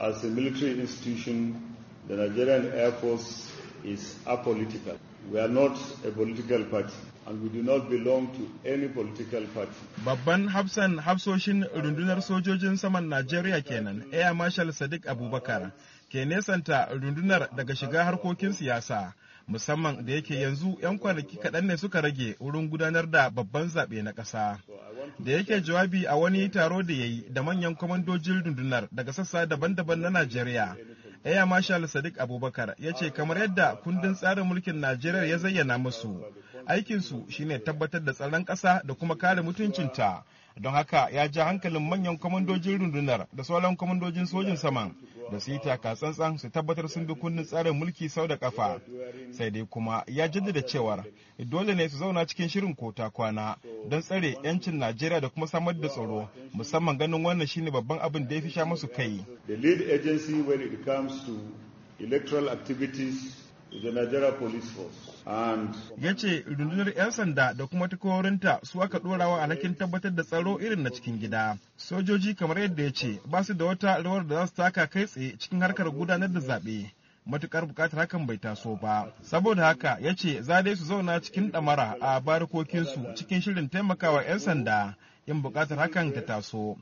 As a military institution, the Nigerian Air Force is apolitical. We are not a political party. And we do not belong to any political party. Babban hafsan hafsoshin rundunar sojojin saman Najeriya kenan, Air Marshal Sadiq Abubakar, ke nesanta rundunar daga shiga harkokin siyasa, musamman da yake yanzu 'yan kwanaki kaɗan ne suka rage wurin gudanar da babban zaɓe na ƙasa. da yake jawabi a wani taro da ya yi da manyan kwamandojin rundunar daga sassa daban-daban na Najeriya. Air Marshal Sadiq Abubakar ya ce kamar yadda kundin tsarin mulkin Najeriya ya zayyana musu aikinsu shine tabbatar da tsaron ƙasa da kuma kare mutuncinta don haka ya ja hankalin manyan kwamandojin rundunar da sauran kwamandojin sojin saman da su yi taka tsantsan su tabbatar sun bi kundin tsarin mulki sau da kafa sai dai kuma ya jaddada cewar dole ne su zauna cikin shirin kota kwana don tsare yancin najeriya da kuma samar da tsaro musamman ganin wannan shine babban abin da ya fi sha masu kai electoral activities Ya ce rundunar 'yan sanda da kuma takorinta su aka ɗorawa alhakin tabbatar da tsaro irin na cikin gida. Sojoji kamar yadda ya ce ba su da wata rawar da za su taka kai tsaye cikin harkar gudanar da zaɓe. matukar bukatar hakan bai taso ba saboda haka ya ce za dai su zauna cikin ɗamara a barikokinsu cikin shirin taimakawa 'yan sanda in bukatar hakan ta taso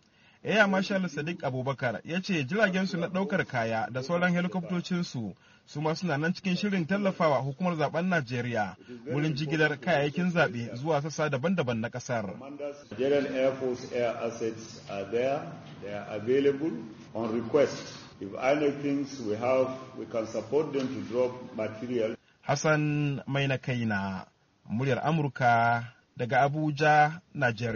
Air Marshal Sadiq Abubakar ya ce jiragensu na ɗaukar kaya da sauran helikoptocinsu su ma suna nan cikin shirin tallafawa hukumar zaben Najeriya wurin jigilar kayayyakin zaɓe zuwa sassa daban-daban na ƙasar. Hassan mai na Hassan Maina Kaina, muryar Amurka daga Abuja, Najeriya.